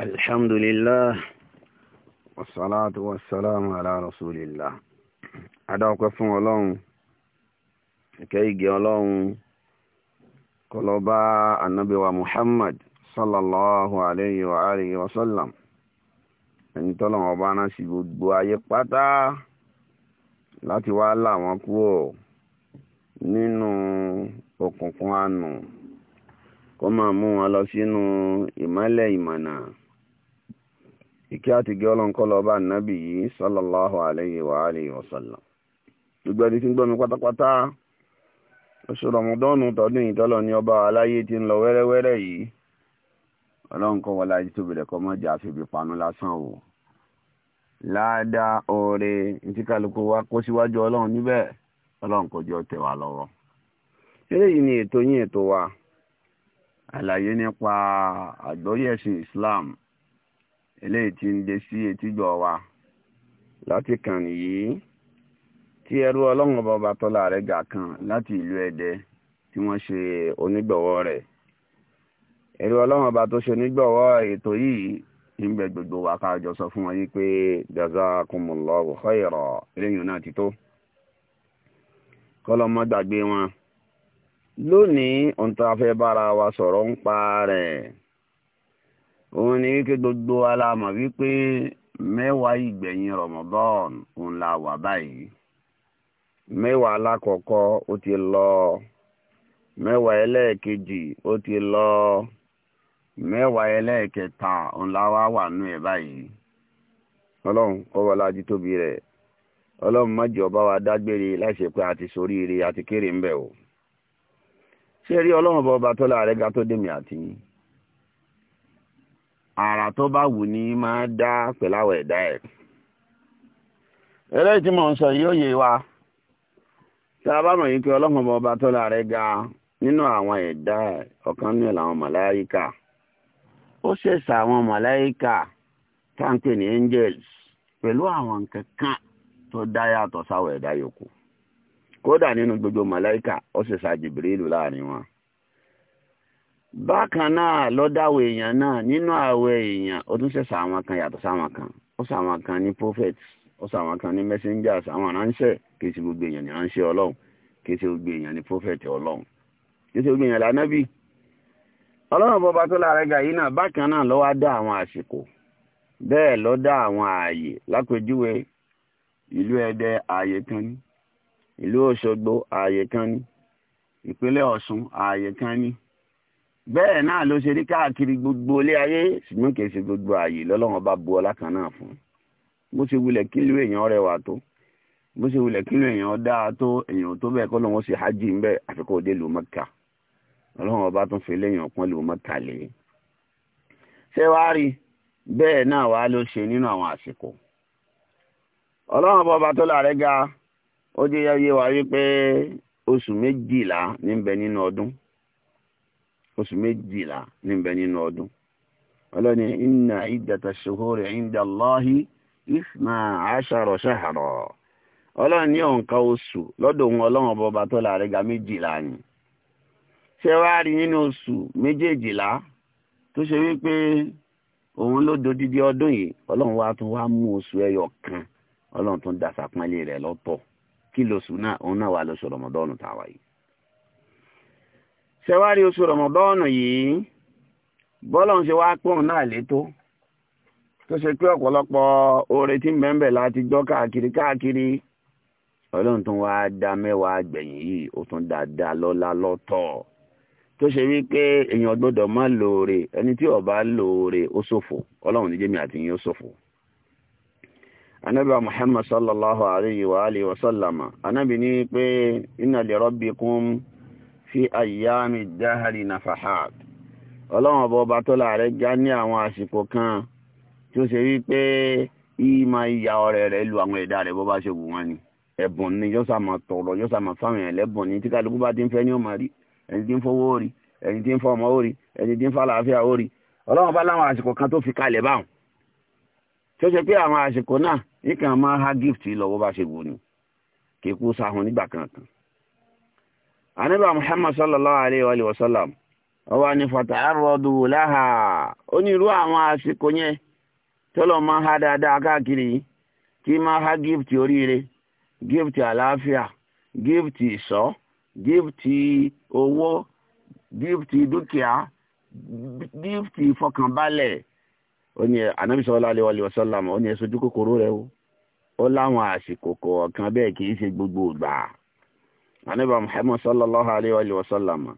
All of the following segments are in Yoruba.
الحمد لله والصلاة والسلام على رسول الله أدعوك فون الله كيجي الله قلوبا النبي ومحمد صلى الله عليه وآله وسلم ẹni tọ́lọ̀ أبانا bá ná sí لا ayé pátá láti wá là wọn kúrò nínú òkùnkùn àánú kó máa mú wọn lọ sínú ìmọ́lẹ̀ ìmọ̀nà. ìkí àti gẹ́ ọba nàbì yìí sallallahu alayhi wa alihi wa sallam gbogbo ẹni tí ń gbọ́ pátápátá oṣù rọmọdọ́nù tọdún ìtọ́lọ̀ ọba aláyé ti ń lọ wẹ́rẹ́wẹ́rẹ́ yìí ọlọ́nkọ́ wọlé ajé tóbi rẹ̀ kọ́ mọ́jà àfihàn panu lásán o ládàá oore ntí kálukú wa kó síwájú ọlọ́run níbẹ̀ Islam eléyìí tí ń dé sí etígbọ̀ wa láti kàn yìí tí ẹrú ọlọ́run bọba tọ́lá rẹ̀ gà kan láti ìlú ẹ̀dẹ́ tí wọ́n ṣe onígbọ̀wọ́ rẹ̀ ẹrú ọlọ́run ọba tó ṣe onígbọ̀wọ́ ètò yìí ń bẹ gbogbo wa ká jọ sọ fún wọn yìí pé jazakumullahu khaira eléyìí náà ti tó kọ́lọ́mọ́ gbàgbé wọn lónìí ohun tó a fẹ́ bára wa sọ̀rọ̀ ń pa rẹ̀. òun ni wípé gbogbo alamọ̀ wípé mẹwàá ìgbẹ̀yìn Ramadan òun la wà báyìí mẹ́wàá alákọ̀ọ́kọ́ ó ti lọ mẹ́wàá ẹlẹ́ẹ̀kejì ó ti lọ mẹwàá ẹlẹ́ẹ̀kẹta òun la wá wà nú ẹ̀ báyìí ọlọ́run kọ́wọ́ lájú tóbi rẹ̀ ọlọ́run mọ́jọ bá wa dágbére láṣẹ pé àti soríire àti kéré ń o ṣé rí ọlọ́run bọ́ ọba tó láàrẹ́ ga tó dèmi àtìyìn ara tó bá wù ní máa dá pẹ̀láwọ̀ ẹ̀dá ẹ̀ eléyìí tí mò ń wa tá a bá mọ̀ yìí pé ọlọ́run ọba tó la rẹ̀ ga nínú àwọn ẹ̀dá ọ̀kan ní àwọn ó ṣẹ̀ṣà àwọn màláyíkà ní angels pẹ̀lú àwọn nǹkan kan tó dá yàtọ̀ ẹ̀dá yòókù kódà nínú gbogbo ó jìbìrìlù láàrin bákan náà lọ́dáwọ̀ èèyàn náà nínú àwọ̀ èèyàn ó tún kan yàtọ̀ sáwọn kan ó sàwọn kan ní prophets ó sàwọn kan ní messengers àwọn ránṣẹ́ ṣe gbogbo èèyàn ní ránṣẹ́ ọlọ́run ṣe ní ọlọ́run kìí ṣe gbogbo èèyàn lànàbì ọlọ́run tó lára ga yìí náà bẹ́ẹ̀ náà ló ṣe rí káàkiri gbogbo ilé ayé ṣùgbọ́n kì í ṣe gbogbo ààyè lọ́lọ́run bá bu ọlá kan náà fún bó ṣe wulẹ̀ kílù èèyàn rẹwà tó bó ṣe wulẹ̀ kílù èèyàn dáa tó èèyàn tó bẹ́ẹ̀ kọ́ lọ́wọ́ ṣe hajj ń bẹ́ẹ̀ àfikún òde lù Mẹ́kà ọlọ́run ọba tún fi léèyàn pọ́n lù Mẹ́kà lé ṣé wàá rí bẹ́ẹ̀ náà wàá ló ṣe nínú àwọn àsìkò ọlọ́run ọba oṣù méjìlá níbẹ̀ nínú ọdún ọlọ́ni inna iddata shuhuri inda Allahi isna ashara shahra ọlọ́ni òǹkà oṣù lọ́dọ̀ òun ọlọ́run ọba tó láàrin ga méjìlá ni ṣé wàá rí nínú oṣù méjèèjìlá tó ṣe wípé òun ló ọdún yìí ọlọ́run wa wá mú oṣù ẹyọ kan ọlọ́run rẹ̀ lọ́tọ̀ kí lóṣù sewari oṣù rọmọdọ́ọ̀nù yìí yi ṣe wá pọ̀n náà létó tó ṣe pé ọpọlọpọ oore tí ń bẹ́ẹ̀ láti gbọ káàkiri káàkiri ọlọ́run tún wá dá mẹ́wàá gbẹ̀yìn yìí ó tún dáadáa lọ́lá lọ́tọ̀ tó ṣe wípé èèyàn gbọ́dọ̀ má lóore ẹni tí lóore ó ṣòfò àti yín ó ṣòfò. wa wa pé fi àyàmì dáhàrí na fahad ọlọ́run ọba ọba tó láàrẹ já ní àwọn àsìkò kan tí ó ṣe wípé yìí máa ya ọ̀rẹ́ rẹ̀ lu àwọn ẹ̀dá rẹ̀ bó bá ṣe wù wọ́n ni ẹ̀bùn ni yóò sàmà tọ̀rọ̀ yóò sàmà fáwọn ẹ̀ lẹ́bùn ni tí kálukú bá ti ń fẹ́ ní ọmọ rí ẹni tí ń fowó rí ẹni tí ń fọmọ rí ẹni tí ń fàlàáfíà rí ọlọ́run ọba láwọn àsìkò kan tó fi kalẹ̀ báwọn tí ó ṣe pé àwọn anábà muhammad sallallahu alaihi wa sallam ó wà ní fataharọ́dù láhà ó ní irú àwọn àsìkò yẹn tọ́lọ̀ máa ha dáadáa káàkiri yìí ha gift orire, gift alaafia, gift sọ gift owo gift dúkìá gift ìfọkànbalẹ̀ onye ní sallallahu Alaihi wa sallam ó ní ẹ ṣojú rẹ o ó láwọn àsìkò kọ̀ọ̀kan bẹ́ẹ̀ kì í ṣe gbogbo ìgbà anaba muhammad sallallahu alaihi wa sallam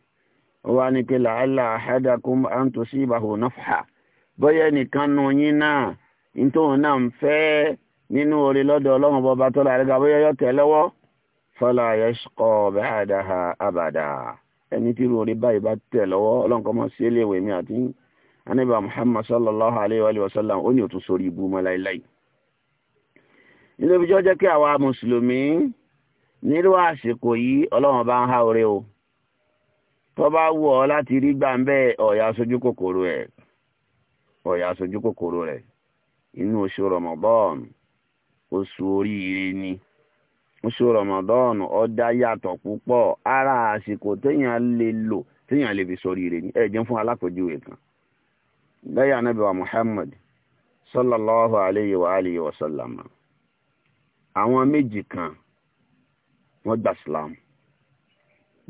wa ni pé la'alla ahadakum an tusibahu nafha bóyá nìkan nu yín náà nítorí náà ń fẹ́ nínú orí lọ́dọ̀ ọlọ́run bọba tó la rẹ́gà bóyá yọ tẹ̀ lọ́wọ́ fala yashqa ba'daha abada ẹni tí irú orí báyìí bá tẹ̀ lọ́wọ́ ọlọ́run kọ́ mọ́ sí eléwé mi àti anaba muhammad sallallahu alaihi wa sallam ó ní òtún sórí ibú mọ́ láíláí. ilé ìfijọ́ jẹ́ kí àwa mùsùlùmí Nílùú àsìkò yìí ọlọ́run bá ń há orí o tó bá wù ọ láti rí gbà ọ̀yà sojú kòkòrò ẹ̀ ọ̀yà sojú kòkòrò rẹ̀ inú oṣù rọmọdọ́ọ̀n oṣù oríire ni oṣù rọmọdọ́ọ̀n ọjà yàtọ̀ púpọ̀ ara àsìkò téèyàn lè lò téèyàn lè fi sọríire ni fún alákòjúwe kan Muhammad sallallahu alayhi wa alayhi wa kan wọ́n gba islam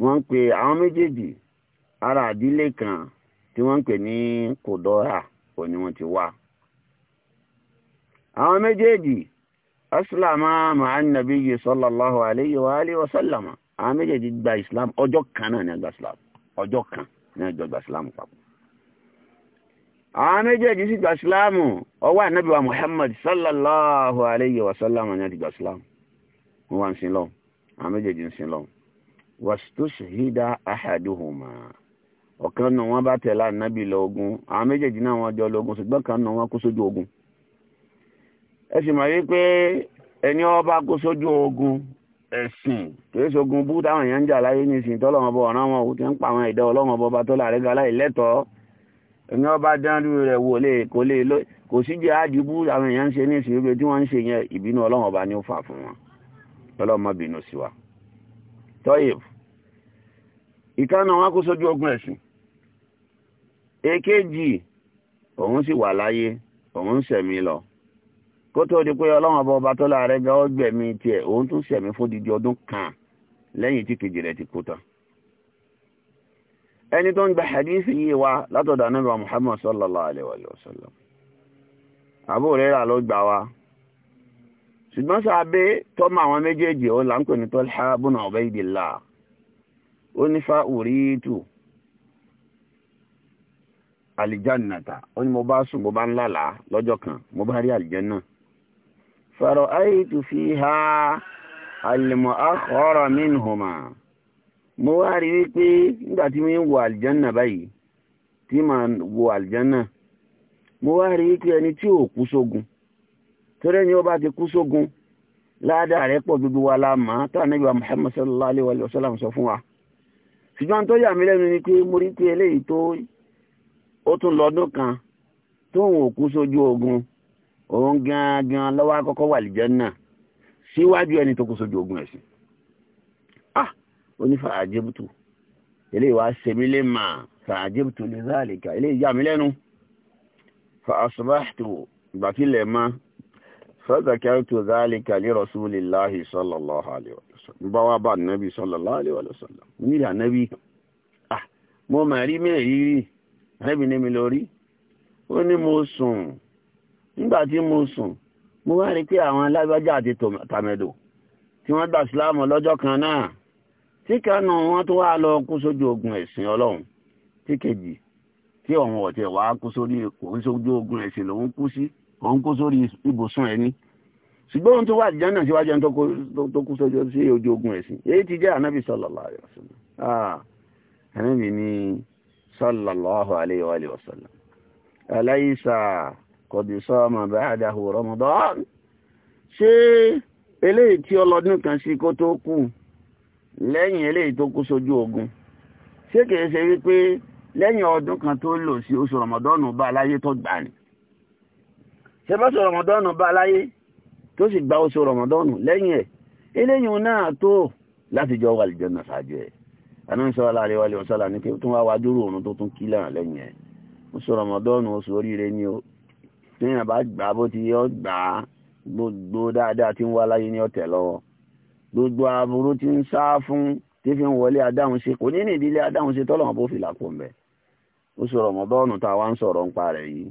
wọ́n ń pe àwọn méjèèjì ara àdílé kan tí wọ́n ń pè ní kòdọ́rà kò ní wọ́n ti wá. àwọn méjèèjì asilama ma'an nabiyyi sallallahu alayhi wa alihi wa sallama àwọn méjèèjì gba islam ọjọ́ kan náà ní a gba islam ọjọ́ kan ní a gba islam papọ̀ àwọn méjèèjì sì gba sílámù ọwọ́ ànábìwá muhammad sallallahu alayhi wa sallam ní àti gba sílámù wá ń sin lọ́wọ́ àwọn méjèèjì ń sin lọ wàṣítòṣìhídà àhàdùhùmá ọ̀kan nù wọn bá tẹ̀lé ànábì lọ ogun àwọn méjèèjì náà wọn jọ lọ ogun ṣùgbọ́n kan nù wọn kó sójú ogun ẹ sì mọ̀ wípé ẹni ọba kó sójú ogun ẹ̀sìn kìí ṣogun bú táwọn èèyàn ń jà láyé nísìnyí tọ́lọ́wọ́n bọ̀ ọ̀ràn wọn ò ti ń pa àwọn ìdá ọlọ́wọ́n bọ̀ ọba tó láàrẹ́ ga láì lẹ́tọ̀ọ́ ẹni ọba dánrú rẹ̀ wò lè kò lè lọ kò sí jẹ́ àjùbú àwọn èèyàn ń ṣe nísìnyí pé tí wọ́n ń ṣe yẹn ìbínú ọlọ́wọ́n ọba ni ó fà fún wọn. ọlọ́run má bínú sí wa tọ́yìf ìkànnà wọn kó sójú ogun ẹ̀sìn èkejì òun sì wà láyé òun sẹ̀mí lọ kó tó di pé ọlọ́run ọba ọba tó láàárẹ̀ gan ọgbẹ̀mí tiẹ̀ òun tún sẹ̀mí fún didi ọdún kan lẹ́yìn tí kejì rẹ̀ ti kú tán ẹni tó gba hadithi yìí wá látọ̀dọ̀ anábìá muhammad sallallahu wa sallam àbúrò rẹ̀ ló ṣùgbọ́n sàbẹ́ tọ́mọ àwọn méjèèjì ó là ń pè ní Talha bùnà Ubaydillah ó ní fa uritu àlìjánàtà ó ní mo bá sùn mo bá ń lálàá lọ́jọ́ kan mo bá rí àlìjánà fẹ̀rọ̀ àìtù fiha àlìmọ̀ àkọ́rọ̀ mínhùmá mo wá rí wípé nígbà tí mo ń wo àlìjánà báyìí tí màá wo àlìjánà mo wá rí wípé ẹni tí ò kú sógun torí ẹni ó bá ti kú sógun ládàá rẹ̀ pọ̀ gbogbo wa la mọ̀ á tàn níbi wa Muhammad sallallahu alayhi wa sallam sọ fún wa ṣùgbọ́n tó yà mí lẹ́nu ni pé mo rí pé eléyìí tó ó tún lọ́dún kan tóun ò kú sójú ogun òun gangan lọ́wọ́ akọ́kọ́ wà lìjẹ́ náà síwájú ẹni tó kú sójú ogun ẹ̀sìn ah onífà àjẹbùtù eléyìí wá sẹ́mi lè mà fà àjẹbùtù lè záàlì ká eléyìí yà mí lẹ́nu fà àṣùbà tó ìgbà máa fẹ́zàkẹ́rìtò záàlìkà lè rọ̀súlìláhì sallallahu alaihi wa sallam bá wá bá nàbí sallallahu alaihi wa sallam nílẹ̀ ànábì ah mo mà rí mẹ́rin rí ànábì ní mi lọ rí ó ní mo sùn nígbà tí mo sùn mo wá rí pé àwọn alágbájá àti tàmẹ̀dò tí wọ́n gbà síláàmù lọ́jọ́ kan náà tí kanu wọn tó wá lọ kú sójú ogun ẹ̀sìn ọlọ́run tí kejì tí ọ̀hún ọ̀tẹ̀ wàá kú sójú ogun ẹ̀sìn lòún kú sí òun kó sórí ibùsùn ẹni ṣùgbọ́n ohun tó wà jẹ́ náà síwájú ẹni tó kú sójú sí ojú ogun ẹ̀sìn èyí ti jẹ́ ànábì sallallahu alaihi wasallam ah, ànábì ní sallallahu alaihi wasallam alaysa qad sama ba'dahu Ramadan ṣé eléyìí tí ọlọ́dún kan sí kó tó kú lẹ́yìn eléyìí tó kú sójú ogun ṣé kìí ṣe wípé lẹ́yìn ọdún kan tó lò sí oṣù Ramadan bá aláyé tó gbà ní ṣe bá sọ̀rọ̀ mọ̀dọ́nù bá láyé tó sì gba oṣù rọ̀mọ̀dọ́nù lẹ́yìn ẹ̀ eléyìn náà tó láti jọ wà lìjọ náà ṣáájú ẹ̀ anáṣọ́ aláàrẹ wà lẹ́wọ̀n sọ́là ní pé tó wá wá dúró òun tó tún kí lẹ́rìn lẹ́yìn oṣù rọ̀mọ̀dọ́nù oṣù oríire ni ó téèyàn bá gbà bó ti yọ gbà á gbogbo dáadáa tí ń wá láyé ní ọ̀tẹ̀ lọ́wọ́ gbogbo aburú tí ń sá fún tí fi ń wọlé adáhunṣe kò ní ní ìdílé adáhunṣe tọ́lọ́mọ bó fìlà pọ̀ oṣù rọ̀mọ̀dọ́nù tá ń sọ̀rọ̀ ń parẹ́ yìí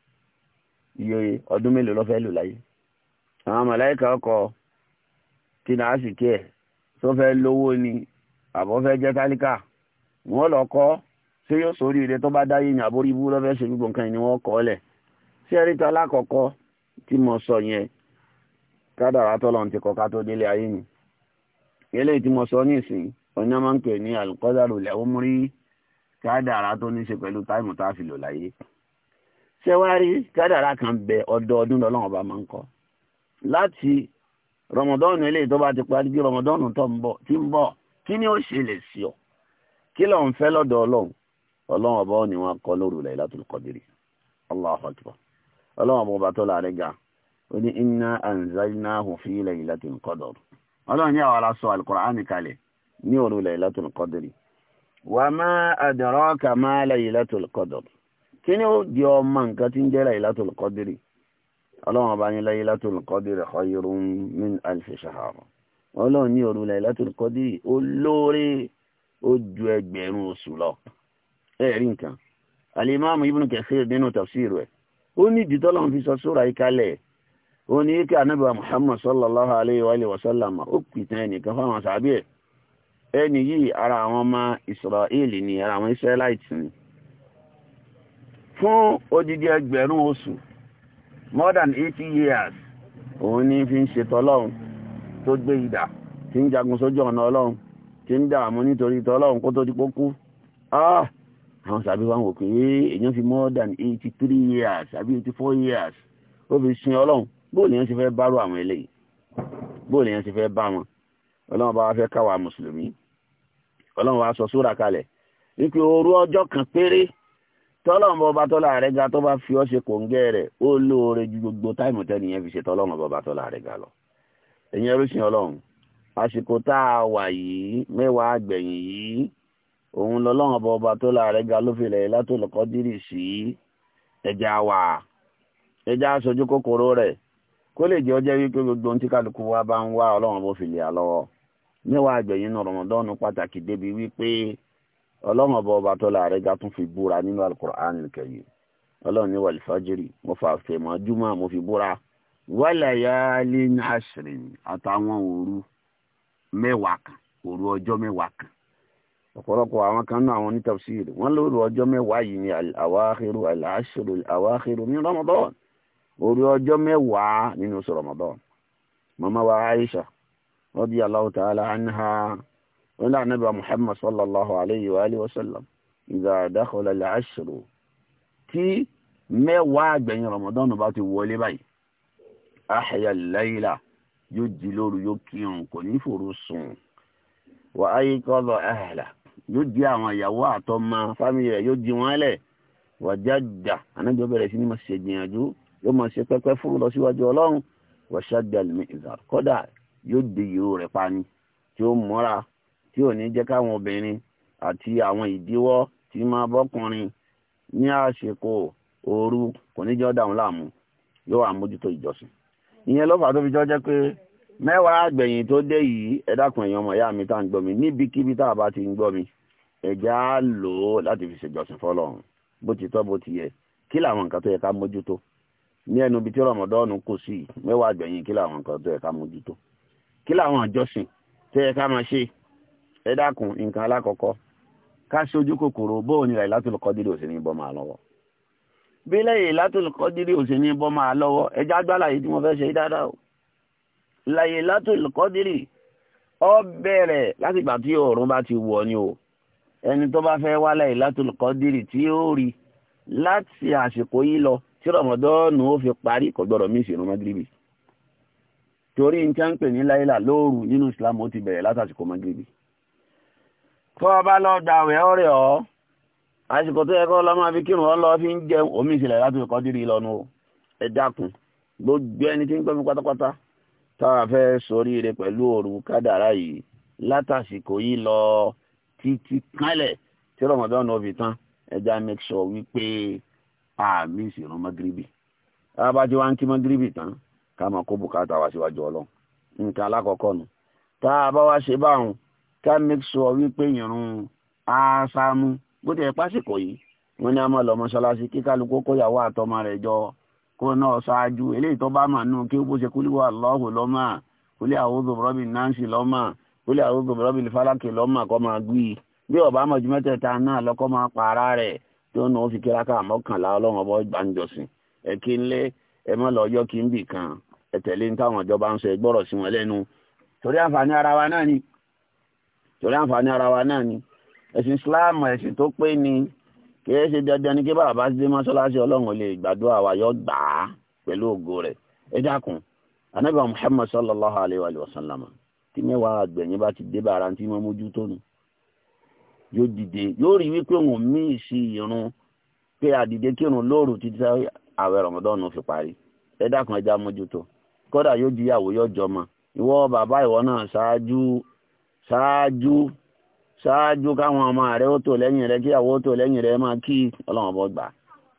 iye ọdún mélòó ló fẹ́ lò láyé àwọn màláíkà ọkọ̀ kí náà sì kí tó fẹ́ lówó ni àbọ̀ fẹ́ jẹ́ tálíkà wọ́n lọ kọ́ ṣé yóò sórí ire tó bá dáyé ní àbórí ibú lọ́fẹ́ ṣe gbogbo nǹkan ni wọ́n kọ́ lẹ̀ sí ẹ̀ríta alákọ̀ọ́kọ́ tí mo sọ yẹn kádàrá tọ́lọ̀ ti kọ́ ká tó délé ayé ni eléyìí tí mo sọ ní ìsìn oní máa ń pè ní alùkọ́dàrú lẹ́wọ́n mú rí kádàrá tó ní ṣe pẹ̀lú táìmù tá a fi lò láyé ṣé wàá rí kádàrá kan bẹ ọdọọdún lọ́lọ́run ọba máa ń kọ láti rọmọdọ́ọ̀nù eléyìí tó bá ti parí bí rọmọdọ́ọ̀nù tó ń bọ̀ tí ń bọ̀ kí ni ó ṣe lè sí ọ kí ló ń fẹ́ lọ́dọ̀ ọlọ́run ọlọ́run ọba ò ní wọn kọ lóru Lailatul Qadri Allahu akbar ọlọ́run ọba ọba tó láàrin ga ó ní inna anzalnahu fi Lailatul Qadr ọlọ́run ní àwọn aláṣọ Al-Qur'ani ní òru Lailatul Qadri wa ma adraka ma Lailatul Qadr kí ni ó di ọmọ nǹkan tí ń jẹ́ Laylatul Qadri ọlọ́run ọba ní Laylatul Qadri khayrun min alfi shahr ọlọ́run ní òru Laylatul Qadri olóore ó ju ẹgbẹ̀rún oṣù lọ ẹ̀rí nǹkan alimami Ibn Kathir nínú tafsir rẹ̀ ó ní ìdí tọ́lọ́run fi sọ sóra ìkálẹ̀ ó ní kí anábìwá Muhammad sallallahu alayhi wa sallam ó pìtàn ẹnìkan fáwọn sàbíẹ̀ ẹni yìí ara àwọn ọmọ Israeli ni ara àwọn Israelites ni fún odidi ẹgbẹ̀rún oṣù more than 80 years òun ní fi ń ṣètò ọlọ́run tó gbé ìdà tí ń jagun sójú ọ̀nà ọlọ́run tí ń dààmú nítorí tọ́lọ́run kó tó di pókú ah! àwọn sàbí wa ń wò pé èèyàn fi more than 83 years àbí 84 years ó fi sin ọlọ́run bóò lèèyàn ṣe fẹ́ bárò àwọn eléyìí bóò lèèyàn ṣe fẹ́ bá wọn ọlọ́run bá wa fẹ́ káwa mùsùlùmí ọlọ́run wa sọ súrà kalẹ̀ wípé òru ọjọ́ kan péré tọ́lọ́mọ ọba tọ́lá rẹ̀ ga tó bá fi ọ́ ṣe kòǹgẹ́ rẹ̀ ó lóore ju gbogbo táìmù tẹ́ni yẹn fi ṣe tọ́lọ́mọ ọba tọ́lá rẹ̀ ga lọ. ẹ̀yin ẹrúṣin ọlọ́run àsìkò tá a wà yìí mẹ́wàá àgbẹ̀yìn yìí òun lọ́lọ́run ọba ọba tọ́lá rẹ̀ ga ló fi lẹ̀ látò lọ́kọ́ dírì sí ẹja wà ẹja aṣojú kòkòrò rẹ̀ kó lè jẹ́ ọjọ́ wípé gbogbo ohun tí kálukú wa bá ń wá ọlọ́run bó fi lè à lọ́wọ́ mẹ́wàá àgbẹ̀yìn nù Ramadan pàtàkì débi wípé ọlọ́run ọba ọba tó láàrẹ́ ga tún fi búra nínú alukur'an kẹyì ọlọ́run ní wàlífàjìrì mo fà fèmọ́ júmọ́ mo fi búra wàlàyálì àṣìrìn àtàwọn òru mẹ́wàá kan òru ọjọ́ mẹ́wàá kan ọ̀pọ̀lọpọ̀ àwọn kan náà àwọn onítafsírì wọ́n lóru ọjọ́ mẹ́wàá yìí ni àwáhírù àláṣírù àwáhírù ní ramadan òru ọjọ́ mẹ́wàá nínú oṣù ramadan màmá wa aisha radiyallahu ta'ala anha ولا náà محمد صلى الله عليه وآله وسلم إذا دخل ìgbà àdákọlẹ̀ làásìrò tí رمضان àgbẹ̀yìn ramadan bá ti الليلة báyìí àhẹyà lẹ́yìnlá yóò وأيقظ أهله yóò kírun kò ní fòrò sùn wà áyé kọ́lọ̀ ẹ̀hẹ̀lá yóò jí àwọn ìyàwó àtọmọ fámìlì rẹ̀ yóò jí wọn lẹ̀ wà jájà ànájọ bẹ̀rẹ̀ sí ni mo ṣe gbìyànjú yóò mọ̀ ṣe pẹ́pẹ́ fúru lọ síwájú ọlọ́run wà lè mi ìzà yóò di ìró rẹ̀ pani tí ó mọ́ra tí ò ní jẹ́ káwọn obìnrin àti àwọn ìdíwọ́ tí máa bọ́kùnrin ní àsìkò ooru kò ní jẹ́ ó dà wọ́n láàmú yóò wà mójútó ìjọsìn ìyẹn ló fà tó fi jọ jẹ́ pé mẹ́wàá àgbẹ̀yìn tó dé yìí ẹ dákun èèyàn ọmọ ìyá mi tá à ń gbọ́ mi níbikíbi tá a bá ti ń gbọ́ mi ẹ̀já lò ó láti fi ṣèjọsìn fọlọ́run bó ti tọ́ bó ti yẹ kí làwọn nǹkan tó yẹ ká mójútó ní ẹnu ibi tí rọmọdọ́ọ̀nù kù sí mẹ́wàá àgbẹ̀yìn kí làwọn nǹkan tó yẹ ká mójútó kí làwọn ìjọsìn tó yẹ ká máa ṣe ẹ dákun nǹkan alákọ̀ọ́kọ́ ká ṣojú kòkòrò bóun ni Lailatul Qadri ò sì ní bọ́ máa lọ́wọ́ bí lẹ́yìn Lailatul Qadri ò sì ní bọ́ máa lọ́wọ́ ẹja gbálà yìí tí wọ́n fẹ́ ṣe dáadáa o Lailatul Qadri ó bẹ̀rẹ̀ láti ìgbà tí oòrùn bá ti wọ̀ ni o ẹni tó bá fẹ́ wá Lailatul Qadri tí ó rí láti àsìkò yìí lọ tí rọmọdọ́ọ̀nù ó fi parí kò gbọ́dọ̀ mí ìsìn magribi torí nǹkan pè ní láìlà lóòrù nínú Islam ó ti bẹ̀rẹ̀ látàsìkò magribi tó o lọ da ọ àsìkò tó yẹ kó kírun ọ lọ fi ń jẹ omi ìsìlẹ̀ láti kọ́ dírí lọ́nu o ẹ dákun gbogbo ẹni tí ń gbọ́ pátápátá táwa fẹ́ sórí rẹ pẹ̀lú òru kádàrá yìí yìí lọ títí kálẹ̀ tí rọmọdún fi tán make sure wípé àmì ìsìnrún mọ́gíríbì ń kí mọ́gíríbì tán ká kó bùkátà wá síwájú ọlọ́run nǹkan alákọ̀ọ́kọ́ nu bá wá ṣe ká make sure wípé ìrun àṣàmú bó ti ẹ̀ pásìkò yìí wọ́n ní a máa lọ mọ́ṣáláṣí kí kálukú kóyàwó àtọmọ rẹ̀ jọ kó náà ṣáájú eléyìí tó bá màánú kí ó bó ṣe kúlí wà lọ́hùn lọ́mà kúlí àwòzò bọ́rọ́bì náǹsì lọ́mà kúlí àwòzò bọ́rọ́bì fálákì lọ́mà kọ́ máa gbì í bí ọba mọ̀jú mẹ́tẹ̀ẹ̀ta náà lọ́kọ́ máa pààrà rẹ̀ tó náà fi kíráká mọ́kànlá ọlọ́run ọbọ̀ gbàǹjọ̀sìn ẹ kí n lé ẹ mọ́ lọ yọ́ kí n bì kan ẹ tẹ̀lé ní táwọn ìjọba ń sọ ẹ gbọ́rọ̀ sí wọn lẹ́nu torí àǹfààní ara wa náà ni torí àǹfààní ara wa náà ni ẹ̀sìn Islam ẹ̀sìn tó pé ni kì í ṣe dandan ni kí bàbá bá dé mọ́ṣáláṣí ọlọ́run lè gbàdúrà wa yọ gbà á pẹ̀lú ògo rẹ̀ ẹ dákun Ànábì Muhammad sallallahu alayhi wa sallam tí mẹ́wàá àgbẹ̀yìn bá ti dé bàrà tí mo mójú tó nu yóò dìde yóò rí wípé òun mí ìsì irun pé àdìde kírun lóòrù títí àwẹ̀ rọ̀mọdọ́nù fi parí ẹ dákun ẹja mójútó kódà yóò di ìyàwó yóò jọmọ ìwọ bàbá ìwọ náà ṣáájú ṣáájú ṣáájú káwọn ọmọ rẹ ó tó lẹ́yìn rẹ kíyàwó ó tó lẹ́yìn rẹ máa kí ọlọ́run ọbọ gbà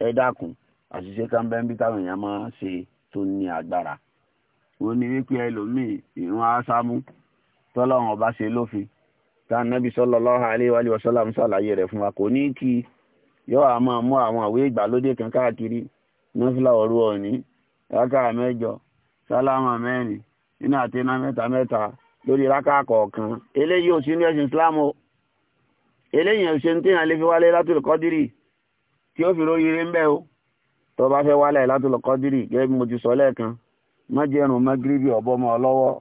ẹ dákun àṣìṣe kan bẹ́ẹ̀ bí táwọn èèyàn máa ṣe tó ní agbára wọ́n ní wípé ẹlòmíì ìrún aṣámú tọ́lọ́run ọba ṣe lófin táwọn nábì sallallahu alaihi wa sallam ṣàlàyé rẹ̀ fún wa kò ní kí yóò á máa mú àwọn àwé ìgbàlódé kan káàkiri nọ́fìlà òru òní rákà mẹ́jọ sálámà mẹ́rin iná àti iná mẹ́ta mẹ́ta lórí rákà kọ̀ọ̀kan eléyìí ò sí ní ẹ̀sìn Islam o eléyìí ò ṣe ní téèyàn lè fi wálé látòlù kọ́dírì tí ó fi rórí rí ń bẹ́ o tó bá fẹ́ wálé látòlù kọ́dírì gẹ́gẹ́ bí mo ti sọ lẹ́ẹ̀kan má jẹun magribi ọ̀bọ́mọ ọlọ́wọ́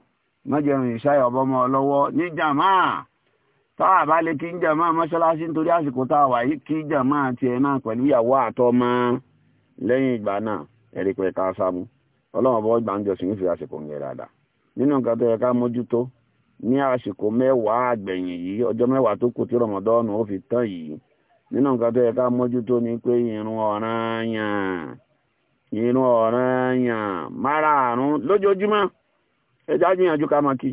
má jẹun ìṣáyà ọ̀bọ́mọ ọlọ́wọ́ ní jàmáà táwọn àbálẹ̀ kí ń jàmáà mọ́ṣáláṣí nítorí àsìkò tá a wà yìí kí jàmáà tiẹ̀ náà pẹ̀lú ìyàwó àtọmọ lẹ́yìn ìgbà náà ẹ̀rí pẹ̀ka sámú ọlọ́run ọ̀bọ̀ gbàǹjọ́sìn ń fi àsìkò ń yẹ dáadáa. nínú nǹkan tó yẹ ká mójútó ní àsìkò mẹ́wàá àgbẹ̀yìn yìí ọjọ́ mẹ́wàá tó kù tí ó fi tán yìí nínú nǹkan tó yẹ ká mójútó ni pé irun ọ̀ranyàn irun ọ̀ranyàn márààrún lójoojúmọ́ ẹjọ́ gbìyànjú ká kí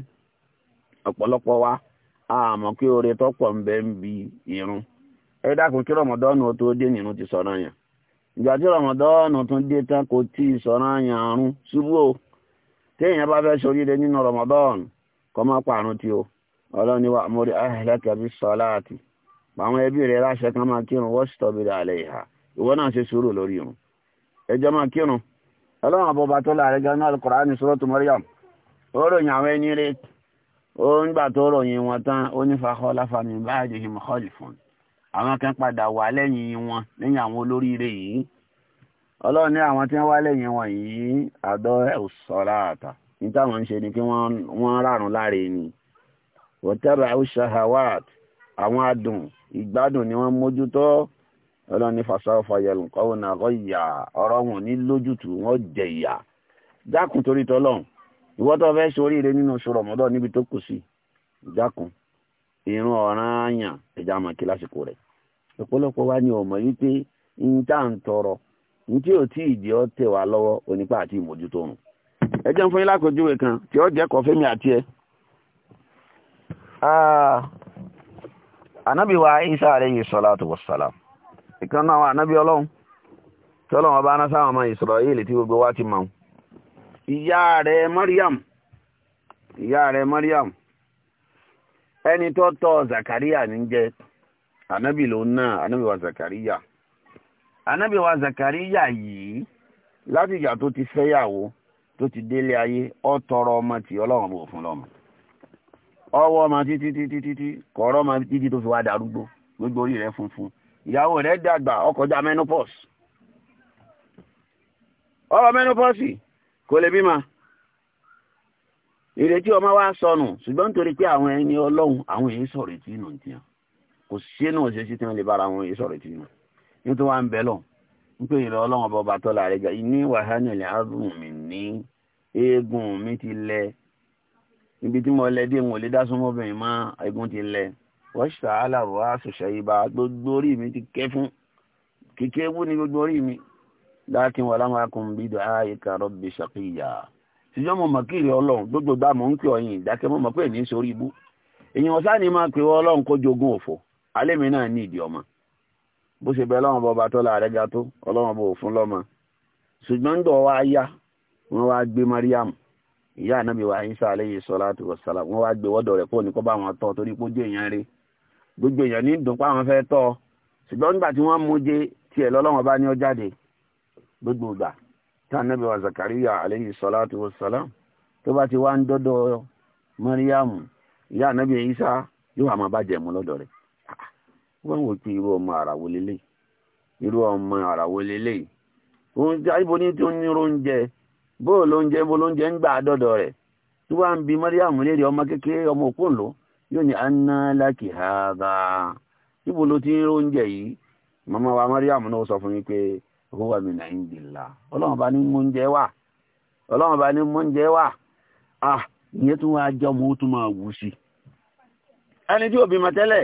wa àmọ́ kí oore tọ́pọ̀ ń ń bi irun ẹ dákun kí ó tó dé nínú ti ìgbà tí tún dé tán kò tí ì téèyàn bá fẹ́ ṣoríire nínú Ramadan kó má parun tí o ọlọ́ni wa mórí ahlaka bis salati àwọn ẹbí rẹ̀ láṣẹ kan máa kírun wastabir alayha ìwọ náà ṣe sùúrù lórí irun ẹjọ́ máa kírun ọlọ́run tó ó ẹni ó ń tó ròyìn wọn ọlọ́run ní àwọn tí wọ́n wá lẹ́yìn wọn yìí àdọ́ ẹ̀sọ́ra àtà ní táwọn ń ṣe ni kí wọ́n rárun láre ni wọ́tẹ́rọ àwùṣahawat àwọn adùn ìgbádùn ni wọ́n mójútó ọlọ́run ní fasáwọ́ fayẹlù kọ́wọ́ náà kọ́ ìyà ọ̀rọ̀ wọn ní lójútùú wọn jẹ ìyà dákun torí tọ́lọ́run ìwọ́ tó fẹ́ ṣe oríire nínú oṣù rọ̀mọ́dọ̀ níbi tó kù sí dákun irun ọ̀ràn àyàn ẹ̀já mọ̀ kí lásìkò rẹ̀ ọ̀pọ̀lọpọ̀ wa ni ọ̀mọ̀ yìí pé ìyìn tá ń tọrọ ntí o tí ìdí ọ tẹ wá lọwọ onípa àti ìmójútó òrùn ẹ jẹun fún yín lákòójúwe kan tí ó jẹ́ kọfí mi àti ẹ. Ah, ànábì wa Isa alayhi salatu wassalam ìkan náà ànábì ọlọ́run tí ọlọ́run ọba anáṣá àwọn ọmọ Israeli tí gbogbo wa ti mọ̀ ìyá rẹ̀ Mariam ìyá rẹ̀ Mariam ẹni tó tọ́ Zakaria ní jẹ́ ànábì lòun náà ànábì wa Zakaria. ànábì wa Zakariya yìí láti ìgbà tó ti fẹ́yàwó tó ti délé ayé ó tọrọ ọmọ tí ọlọ́run bò fún lọ́mọ ọwọ́ ọmọ títí títí títí kọ̀ọ̀rọ̀ ọmọ títí tó fi wá darúgbó gbogbo orí rẹ̀ funfun ìyàwó rẹ̀ dàgbà ó kọjá menopause ọ̀rọ̀ menopause kò lè bímọ ìrètí ọmọ wa sọnù ṣùgbọ́n nítorí pé àwọn ẹni ọlọ́run àwọn èyí sọ̀rọ̀ ètí nù tiẹ̀ kò sínú òṣèṣì tí wọ́n lè bára àwọn èyí sọ̀rọ̀ ètí nù. nítorí wà ń bẹ lọ nípé ìrọ̀ ọlọ́run ọba tó la rẹ̀ jà ní wàhánà ilẹ̀ azùn mi ní eégún mi ti lẹ ibi tí mo lẹ dé mo lè dá súnmọ́ obìnrin eégún ti lẹ wọ́n ṣàálà gbogbo orí mi ti kẹ́ fún kíkẹ́ wú ní gbogbo orí mi láti wọ́n láwọn dọ̀ ayé bí ṣàkíyà ṣùgbọ́n mo mọ̀ ọlọ́run gbogbo gbà mọ̀ ń pè ìdákẹ́ mo mọ̀ bó ṣe bẹ lọ́wọ́n bọba tó la rẹ̀ ga tó ọlọ́wọ́n bò fún lọ́mọ ṣùgbọ́n ń dọ̀ wá yá wọ́n wá gbé mariam ìyá ànábì wa ayíṣà alayhi salatu wassalam wọ́n wá gbé wọ́dọ̀ rẹ̀ pọ̀ ní kọ́ bá wọn tọ́ torí pé ó jẹ́ èèyàn rẹ̀ gbogbo èèyàn ní dùn páwọn fẹ́ tọ́ ṣùgbọ́n nígbà tí wọ́n mú jẹ tiẹ̀ lọ́lọ́wọ́n bá ní ọ jáde gbogbo ìgbà tí ànábì wa zakariya alayhi salatu wassalam tó bá ti wá ń dọ́dọ̀ mariam ìyá ànábì ayíṣà yóò wà máa bàjẹ́ mú lọ́dọ̀ rẹ̀ wọ́n wò pé irú ọmọ àràwọ̀ lélẹ̀ irú ọmọ àràwọ̀ lélẹ̀ oúnjẹ ibo ní tó ní oúnjẹ bóò lóúnjẹ bó lóúnjẹ ń gbà dọ́dọ̀ rẹ̀ tí wọ́n ń bi ọmọ kékeré ọmọ yóò ní anna lákì hàdà ti oúnjẹ wa mọ́ríàmù náà sọ fún mi pé owó wà mí nàá ń dìlà ọlọ́run bá ní mú oúnjẹ wà ọlọ́run bá ní mú oúnjẹ wà ah ìyẹn tún ó tún máa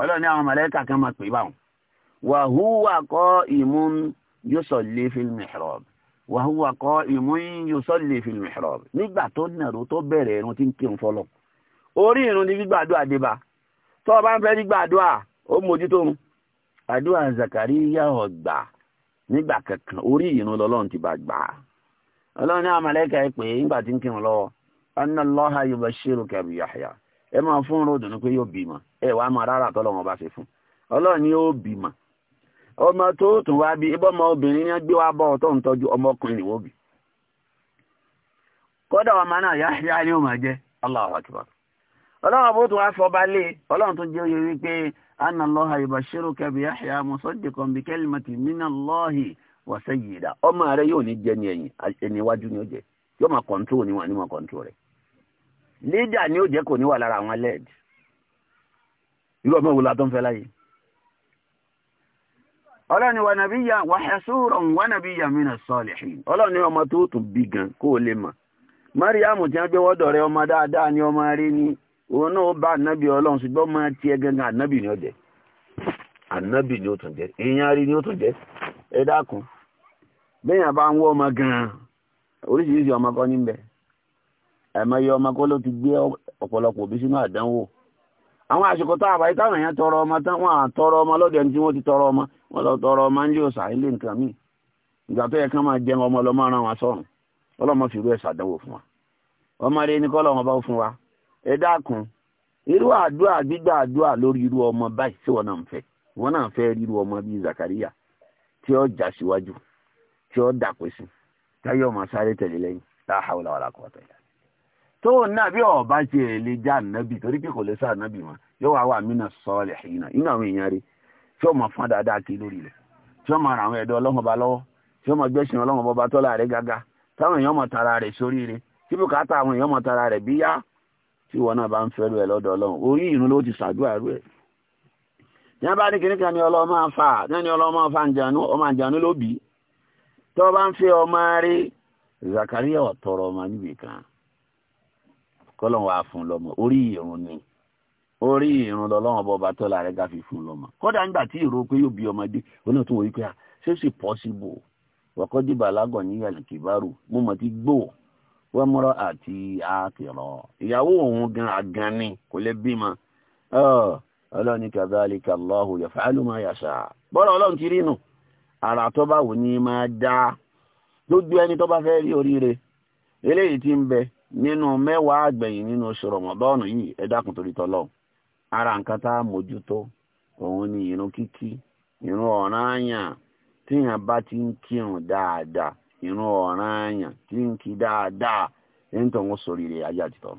ọlọ́ni àwọn màláíkà kan máa pè báwọn wa huwa qa'imun yusalli fil mihrab wa huwa qa'imun yusalli fil mihrab nígbà tó nàró tó bẹ̀rẹ̀ irun tí ń kírun fọlọ́ orí irun ni gbígbàdúrà débà tó o bá ń fẹ́ gbígbàdúrà ó mójútó run àdúrà Zakariya ọgbà nígbà kankan orí irun lọ́lọ́run ti bá gbà ọlọ́ni àwọn màláíkà pè é nígbà tí ń ẹ máa fún ròdù ní pé yóò bímọ ẹ wàá máa rárá tọ́lọ́wọ́n bá ṣe fún ọlọ́run ni yóò bi ọmọ tó tún wá bí ibọ́ ọmọ obìnrin ni gbé wá ọ ń tọ́jú ọmọkùnrin ni wọ́n kódà náà ni ó máa bó tún wá lé ọlọ́run jẹ́ wípé anna bi Yahya musaddiqan bi kalimati min Allahi wa sayyida ọmọ rẹ yóò ní lédà ni ó jẹ́ kò ní wà lára àwọn led irú ọmọ òwúlà tó ń fẹ́ láyé ọlọ́ni wà nàbí yà wà ọmọ gan kó lè Mariamu gbé wọ́dọ̀ rẹ ọmọ dáadáa ni ọmọ rí ni òun náà bá ànábì ọlọ́run ṣùgbọ́n ọmọ tiẹ̀ gangan ànábì ni ó jẹ́ ànábì ni ó tún jẹ́ èèyàn rí ni ó tún ẹ dákun bẹ́ẹ̀ bá ń wọ́ ọmọ gan oríṣiríṣi ọmọ ẹ̀mọye ọmọ kó ló ti gbé ọpọlọpọ òbí sínú àdánwò àwọn àsìkò tó àbáyé táwọn èèyàn tọrọ ọmọ tán wọn tọrọ ọmọ lọ́dẹ tí ti tọrọ ọmọ wọn lọ tọrọ ọmọ ń lé òsà ilé nǹkan ìgbà tó yẹ máa jẹun ọmọ lọ máa ran wọn sọrùn ọlọmọ fún wa ọmọ rẹ ní ọmọ báyìí wọn náà ń wọn náà ń tó nna bi ọba ṣe lè já anabi torí pé kò lè sá ànábì wọn yóò wá wà mínà sọ́ọ̀lẹ̀ ìyìnà inú àwọn èèyàn rí tí ó mọ̀ fún dáadáa kí lórí rẹ̀ tí ó mọ̀ ra àwọn ẹ̀dọ́ ọlọ́run ọba lọ́wọ́ tí gbẹ́sìn tọ́lá gágá táwọn èèyàn tara rẹ̀ sórí rẹ̀ tí àwọn tara tí wọn náà bá ń lọ́dọ̀ orí ló ti ṣàdúrà kọ́lọ́n wàá fún lọ́mọ orí ìrun ni orí ìrun lọ́lọ́wọ́n bọ́ bá tọ́lá rẹ̀ gáfi fún lọ́mọ kódà nígbà tí ìró pé yóò bí ọmọdé ó náà tún wọ́n yí pé ṣé sì pọ́síbù wọ́kọ́ dìbò alágọ̀ ní alikibaru mo mọ̀ ti gbò wọ́n mọ́rọ́ àti àkìrọ̀ ìyàwó òun gan agan ni kò lè bímọ ọlọ́ni kadhalika Allahu yaf'alu ma yasha bọ́lá ọlọ́run ti rí nù àrà tó bá wù ní máa dá lójú ẹni tó bá fẹ́ rí oríire eléyìí ti ń bẹ nínú mẹ́wàá àgbẹ̀yìn nínú oṣù rọ̀mọ̀dọ́ọ̀nù yìí ẹ dákun torí ara nǹkan tá a mójútó òun ni irun kíkí tíyàn bá ti ń kírun dáadáa ìrun ọ̀ranyàn tí ń kí dáadáa ń tọ́ wọn sórí rẹ̀ ayé àtìtọ́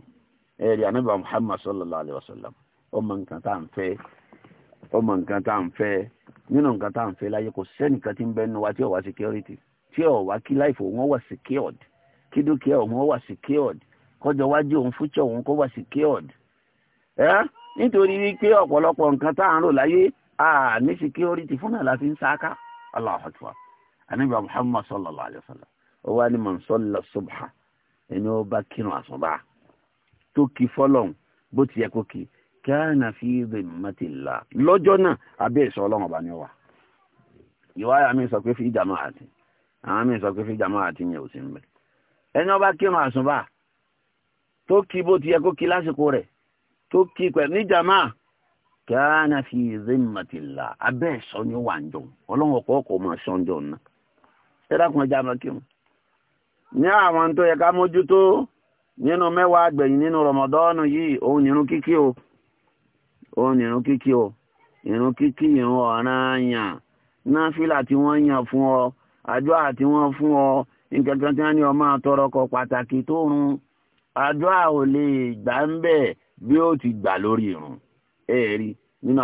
ẹ̀rí anábà Muhammad sallallahu wa sallam ọmọ nǹkan tá à ń fẹ́ ọmọ nǹkan tá à ń fẹ́ nínú nǹkan tá à ń fẹ́ láyé kò sẹ́nìkan tí ń bẹ́ẹ̀ kí dúkìá òun wà secured kọjọ wájú òun future òun kó wà secured ẹ nítorí wípé ọ̀pọ̀lọpọ̀ nǹkan tá à ń rò láyé à ní security fún náà ń sáká Allahu Akbar anábìá Muhammad sallallahu alayhi wa sallam ó wá ní man salla subha ẹni ó bá kírun àsùbá tó kí fọlọ́n bó ti yẹ kó kí kana fi dhimmatillah lọ́jọ́ náà abẹ́ ìsọ ọlọ́run ọba ni ó wà ìwáyà mi sọ pé fi jàmáà àti àwọn mi sọ pé fi jàmáà àti yẹn ò sí ń bẹ́ẹ̀ ẹni ọba kírun àsùnbà tó kí bó ti yẹ kó kí lásìkò rẹ̀ tó kí pẹ̀ níjàmá kíáná fi zimmatillah abẹ́ ẹ̀sọ́ ni ó wà ń jọ ọlọ́run ọkọ̀ ọkọ̀ mọ̀ ẹ̀sọ́ ń jọ ọ̀nà ẹ dákun ẹja máa kírun. ní àwọn tó yẹ ká mójútó nínú mẹ́wàá àgbẹ̀yìn nínú rọmọdọ́ọ̀nù yìí òun nìrun kíkí o òun nìrun kíkí o ìrun kíkí ìrun ọ̀ranyàn náfìlà tí wọ́n yàn fún ọ àdúà tí wọ́n fún ọ nǹkan kan tí wọ́n ní ọmọ àtọrọ kọ pàtàkì tó run àdúrà ò lè gbà ń lori bí ó ti gbà lórí irun ẹ̀ẹ́rí nínú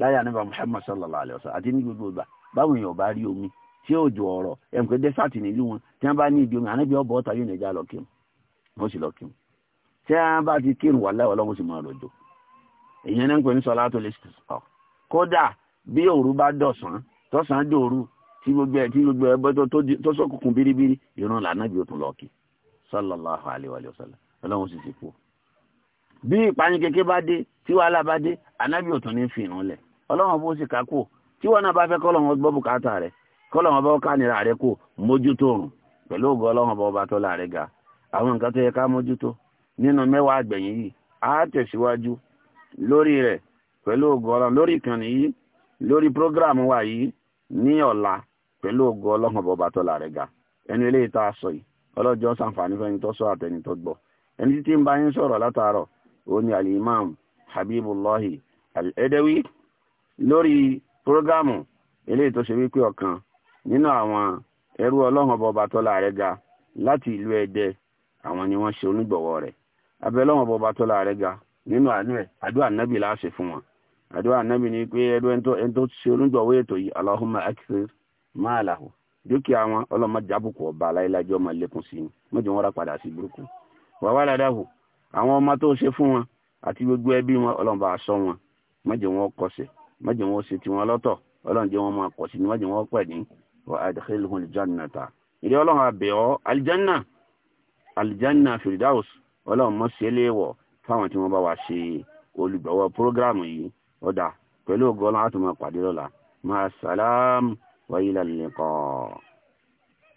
láyà nípa Muhammad sallallahu alayhi wa sallam àti ní gbogbo ìgbà báwo omi tí ó jọ ọ̀rọ̀ ẹnìkan wọn tí bá ní ìdí omi yóò nìjà lọ sì lọ tí bá ti kírun wà tí gbogbo ẹ̀ tí gbogbo ẹ̀ bọ́jọ́ tó sọ́kùnkùn biribiri ìran lànàbí ó tún lọ kí sallallahu alayhi wa sallam ọlọ́run sì ti kú. bí ìpànìyàn kékeré bá dé tí wàhálà bá dé ànábì ò tún ní fi ìrun lẹ̀ ọlọ́run bó sì ká kú tí wọn náà bá fẹ́ kọ́lọ́run gbọ́ bùkátà rẹ̀ kọ́lọ́run bá ká nira rẹ̀ kú mójútó òrùn pẹ̀lú ògo ọlọ́run bá ọba tó láàrẹ̀ ga àwọn nǹkan tó yẹ ká mójútó nínú mẹ́wàá àgbẹ̀yìn yìí á tẹ̀síwájú lórí rẹ̀ pẹ̀lú ògo ọlọ́run lórí ìkànnì yìí lórí prógráàmù wa yìí ní ọ̀la pẹ̀lú ògo ọlọ́run bọba tọ́lá rẹ̀ ga ẹnu eléyìí tá a sọ yìí ọlọ́jọ́ sàǹfààní fẹ́ni tó sọ àtẹni tó gbọ́ ẹni títí ń bá yín ni alimam habibullahi edewi lórí prógámù eléyìí tó ṣe wípé ọ̀kan nínú àwọn ẹrú ọlọ́run bọba tọ́lá rẹ̀ ga láti ìlú àwọn ni wọ́n ṣe onígbọ̀wọ́ rẹ̀ abẹ́ tọ́lá rẹ̀ ga nínú àdúrà máa làwọ̀ dúkìá wọn ọlọ́mọdé àbùkù ọba aláìlájọ́ ọmọ lẹ́kùn sí ni mọ́jọ́ wọn rà padà sí burúkú wà wá ládàbò àwọn ọmọ tó ṣe fún wọn àti gbogbo ẹbí wọn ọlọ́mọba aṣọ wọn mọ́jọ́ wọn kọsẹ̀ mọ́jọ́ wọn ṣe tiwọn lọ́tọ̀ ọlọ́mọdé wọn máa kọ̀ sí ni mọ́jọ́ wọn pẹ̀ ní wà adkhilhum aljannata ìdí ọlọ́run àbẹ̀ ọ́ aljanna aljanna firdaus ọlọ́run mọ́ sí eléwọ̀ fáwọn tí wọ́n bá wà ṣe olùgbọ̀wọ́ prógráàmù yìí ọ̀dà pẹ̀lú ògo ọlọ́run àtúmọ̀ pàdé lọ́la máa sàlámù وإلى اللقاء